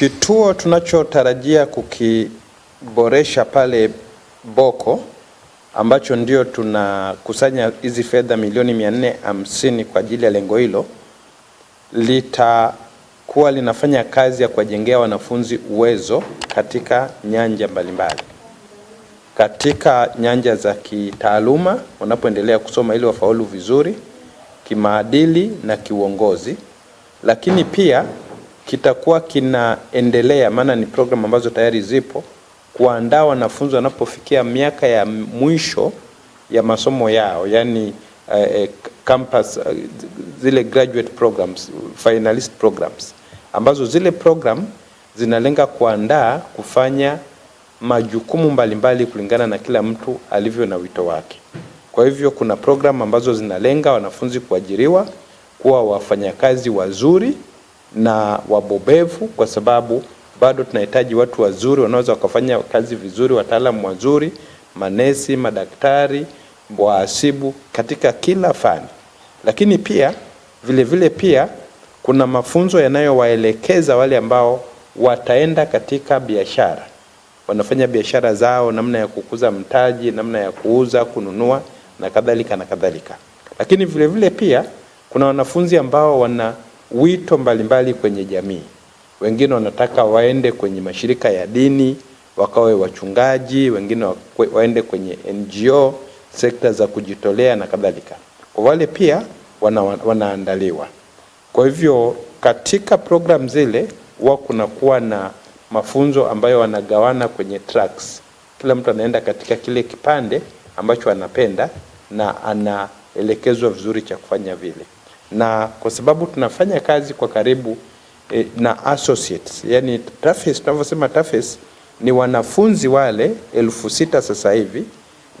Kituo tunachotarajia kukiboresha pale Boko ambacho ndio tunakusanya hizi fedha milioni mia nne hamsini kwa ajili ya lengo hilo, litakuwa linafanya kazi ya kuwajengea wanafunzi uwezo katika nyanja mbalimbali, katika nyanja za kitaaluma wanapoendelea kusoma ili wafaulu vizuri, kimaadili na kiuongozi, lakini pia kitakuwa kinaendelea, maana ni programu ambazo tayari zipo, kuandaa wanafunzi wanapofikia miaka ya mwisho ya masomo yao, yani uh, campus uh, zile graduate programs, finalist programs ambazo zile program zinalenga kuandaa kufanya majukumu mbalimbali mbali kulingana na kila mtu alivyo na wito wake. Kwa hivyo kuna programu ambazo zinalenga wanafunzi kuajiriwa kuwa wafanyakazi wazuri na wabobevu, kwa sababu bado tunahitaji watu wazuri wanaweza wakafanya kazi vizuri, wataalamu wazuri, manesi, madaktari, waasibu katika kila fani. Lakini pia vile vile pia kuna mafunzo yanayowaelekeza wale ambao wataenda katika biashara, wanafanya biashara zao, namna ya kukuza mtaji, namna ya kuuza, kununua na kadhalika na kadhalika. Lakini vile vile pia kuna wanafunzi ambao wana wito mbalimbali kwenye jamii. Wengine wanataka waende kwenye mashirika ya dini wakawe wachungaji, wengine waende kwenye NGO, sekta za kujitolea na kadhalika. Kwa wale pia wana, wanaandaliwa. Kwa hivyo katika program zile huwa kunakuwa na mafunzo ambayo wanagawana kwenye tracks. Kila mtu anaenda katika kile kipande ambacho anapenda na anaelekezwa vizuri cha kufanya vile na kwa sababu tunafanya kazi kwa karibu eh, na associates yani TAFES, tunavyosema TAFES ni wanafunzi wale elfu sita sasa hivi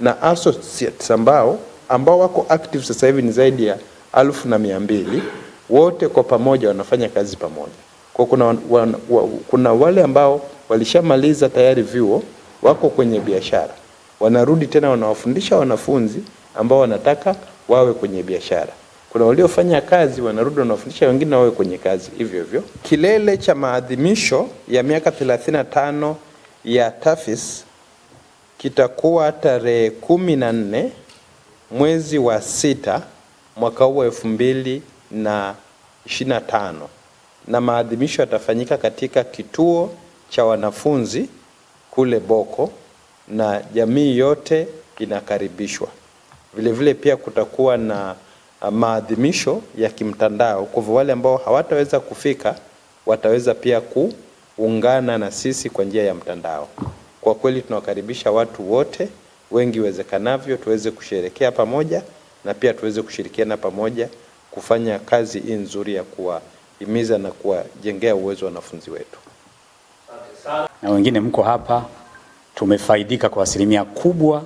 na associates ambao ambao wako active sasa hivi ni zaidi ya alfu na mia mbili wote kwa pamoja wanafanya kazi pamoja. Kwa kuna, wan, wan, wa, kuna wale ambao walishamaliza tayari vyuo wako kwenye biashara, wanarudi tena wanawafundisha wanafunzi ambao wanataka wawe kwenye biashara kuna waliofanya kazi wanarudi wanafundisha wengine wawe kwenye kazi hivyo hivyo. Kilele cha maadhimisho ya miaka 35 ya TAFIS kitakuwa tarehe nne mwezi wa sita mwaka huu elfu mbili na ishirini na tano na maadhimisho yatafanyika katika kituo cha wanafunzi kule Boko na jamii yote inakaribishwa. Vilevile vile pia kutakuwa na maadhimisho ya kimtandao. Kwa hivyo wale ambao hawataweza kufika wataweza pia kuungana na sisi kwa njia ya mtandao. Kwa kweli tunawakaribisha watu wote, wengi iwezekanavyo, tuweze kusherekea pamoja na pia tuweze kushirikiana pamoja kufanya kazi hii nzuri ya kuwahimiza na kuwajengea uwezo wa wanafunzi wetu. Na wengine mko hapa, tumefaidika kwa asilimia kubwa.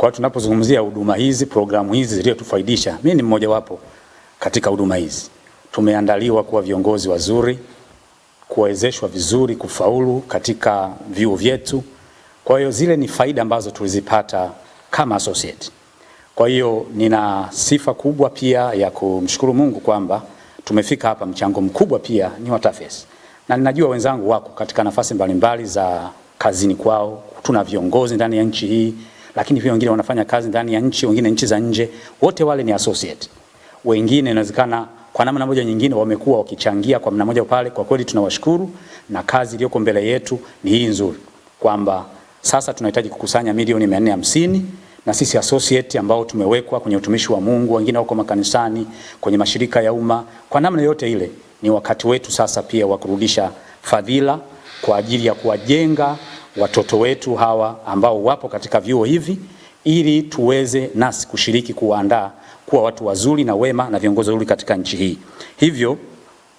Kwa hiyo tunapozungumzia huduma hizi, programu hizi zilizotufaidisha, mimi ni wapo katika huduma hizi. Tumeandaliwa kuwa viongozi wazuri, kuwezeshwa vizuri kufaulu katika vyuo vyetu. Kwa hiyo zile ni faida ambazo tulizipata kama associate. Kwa hiyo nina sifa kubwa pia ya kumshukuru Mungu kwamba tumefika hapa. Mchango mkubwa pia ni wa TAFES, na ninajua wenzangu wako katika nafasi mbalimbali za kazini kwao. Tuna viongozi ndani ya nchi hii lakini pia wengine wanafanya kazi ndani ya nchi, wengine nchi za nje, wote wale ni associate. Wengine inawezekana kwa namna moja nyingine wamekuwa wakichangia kwa namna moja pale. Kwa kweli tunawashukuru, na kazi iliyoko mbele yetu ni hii nzuri, kwamba sasa tunahitaji kukusanya milioni 450 na sisi associate ambao tumewekwa kwenye utumishi wa Mungu, wengine wako makanisani, kwenye mashirika ya umma, kwa namna yote ile ni wakati wetu sasa pia wa kurudisha fadhila kwa ajili ya kuwajenga watoto wetu hawa ambao wapo katika vyuo hivi ili tuweze nasi kushiriki kuwaandaa kuwa watu wazuri na wema na viongozi wazuri katika nchi hii. Hivyo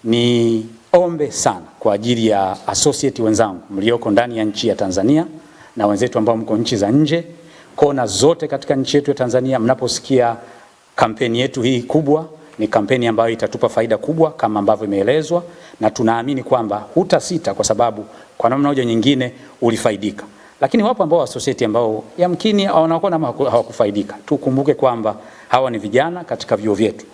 ni ombe sana kwa ajili ya associate wenzangu mlioko ndani ya nchi ya Tanzania na wenzetu ambao mko nchi za nje, kona zote katika nchi yetu ya Tanzania, mnaposikia kampeni yetu hii kubwa ni kampeni ambayo itatupa faida kubwa kama ambavyo imeelezwa, na tunaamini kwamba hutasita, kwa sababu kwa namna moja nyingine ulifaidika, lakini wapo ambao associate ambao yamkini wanakuwa hawakufaidika. Tukumbuke kwamba hawa ni vijana katika vyuo vyetu,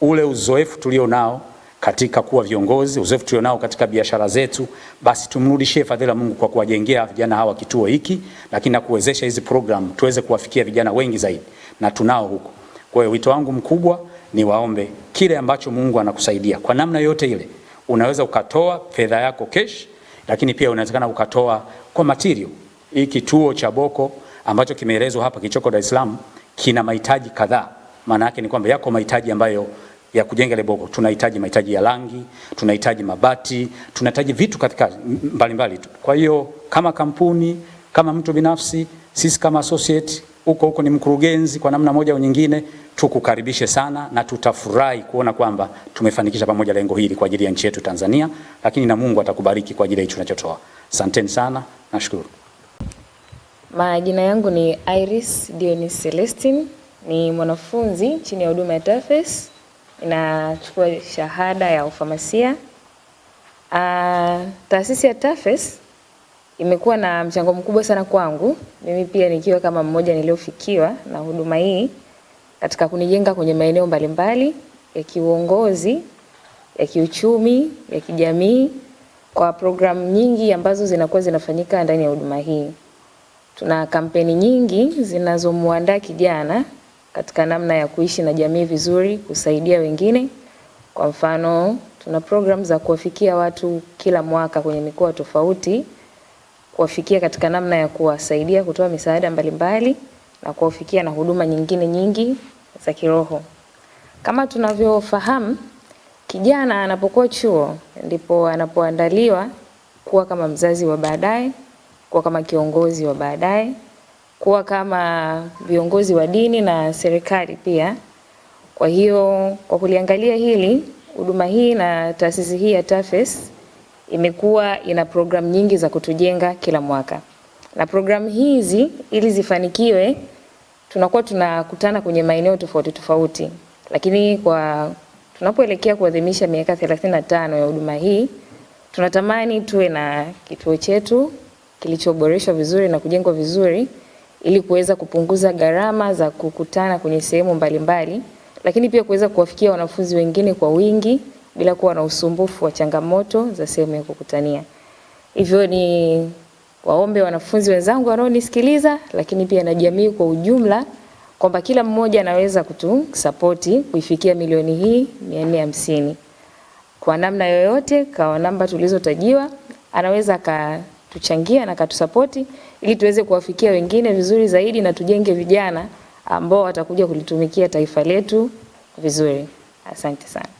ule uzoefu tulio nao katika kuwa viongozi, uzoefu tulio nao katika biashara zetu, basi tumrudishie fadhila Mungu kwa kuwajengea vijana hawa kituo hiki, lakini na kuwezesha hizi program tuweze kuwafikia vijana wengi zaidi, na tunao huko. Kwa hiyo wito wangu mkubwa niwaombe kile ambacho Mungu anakusaidia kwa namna yote ile. Unaweza ukatoa fedha yako kesh, lakini pia unawezekana ukatoa kwa material. Hii kituo cha Boko ambacho kimeelezwa hapa kichoko Dar es Salaam kina mahitaji kadhaa. Maana yake ni kwamba yako mahitaji ambayo ya kujenga ile Boko, tunahitaji mahitaji ya rangi, tunahitaji mabati, tunahitaji vitu katika mbalimbali tu. Kwa hiyo kama kampuni, kama mtu binafsi, sisi kama associate huko huko ni mkurugenzi, kwa namna moja au nyingine, tukukaribishe sana na tutafurahi kuona kwamba tumefanikisha pamoja lengo hili kwa ajili ya nchi yetu Tanzania, lakini na Mungu atakubariki kwa ajili ya hicho tunachotoa. Asanteni sana, nashukuru. Majina yangu ni Iris Dionis Celestine, ni mwanafunzi chini ya huduma ya TAFES, inachukua shahada ya ufamasia. Uh, ah, taasisi ya TAFES imekuwa na mchango mkubwa sana kwangu mimi pia nikiwa kama mmoja niliyofikiwa na huduma hii katika kunijenga kwenye maeneo mbalimbali ya kiuongozi, ya kiuchumi, ya kijamii kwa programu nyingi ambazo zinakuwa zinafanyika ndani ya huduma hii. Tuna kampeni nyingi zinazomuandaa kijana katika namna ya kuishi na jamii vizuri, kusaidia wengine. Kwa mfano, tuna programu za kuwafikia watu kila mwaka kwenye mikoa tofauti kuwafikia katika namna ya kuwasaidia kutoa misaada mbalimbali na kuwafikia na huduma nyingine nyingi za kiroho. Kama tunavyofahamu, kijana anapokuwa chuo ndipo anapoandaliwa kuwa kama mzazi wa baadaye, kuwa kama kiongozi wa baadaye, kuwa kama viongozi wa dini na serikali pia. Kwa hiyo kwa kuliangalia hili, huduma hii na taasisi hii ya TAFES imekuwa ina programu nyingi za kutujenga kila mwaka, na programu hizi ili zifanikiwe, tunakuwa tunakutana kwenye maeneo tofauti tofauti, lakini kwa tunapoelekea kuadhimisha miaka 35 ya huduma hii, tunatamani tuwe na kituo chetu kilichoboreshwa vizuri na kujengwa vizuri ili kuweza kupunguza gharama za kukutana kwenye sehemu mbalimbali, lakini pia kuweza kuwafikia wanafunzi wengine kwa wingi bila kuwa na usumbufu wa changamoto za sehemu ya kukutania. Hivyo ni waombe wanafunzi wenzangu wanaonisikiliza, lakini pia na jamii kwa ujumla kwamba kila mmoja anaweza kutusapoti kuifikia milioni hii hamsini kwa namna yoyote, kwa namba tulizotajiwa anaweza akatuchangia na katusapoti ili tuweze kuwafikia wengine vizuri zaidi na tujenge vijana ambao watakuja kulitumikia taifa letu vizuri. Asante sana.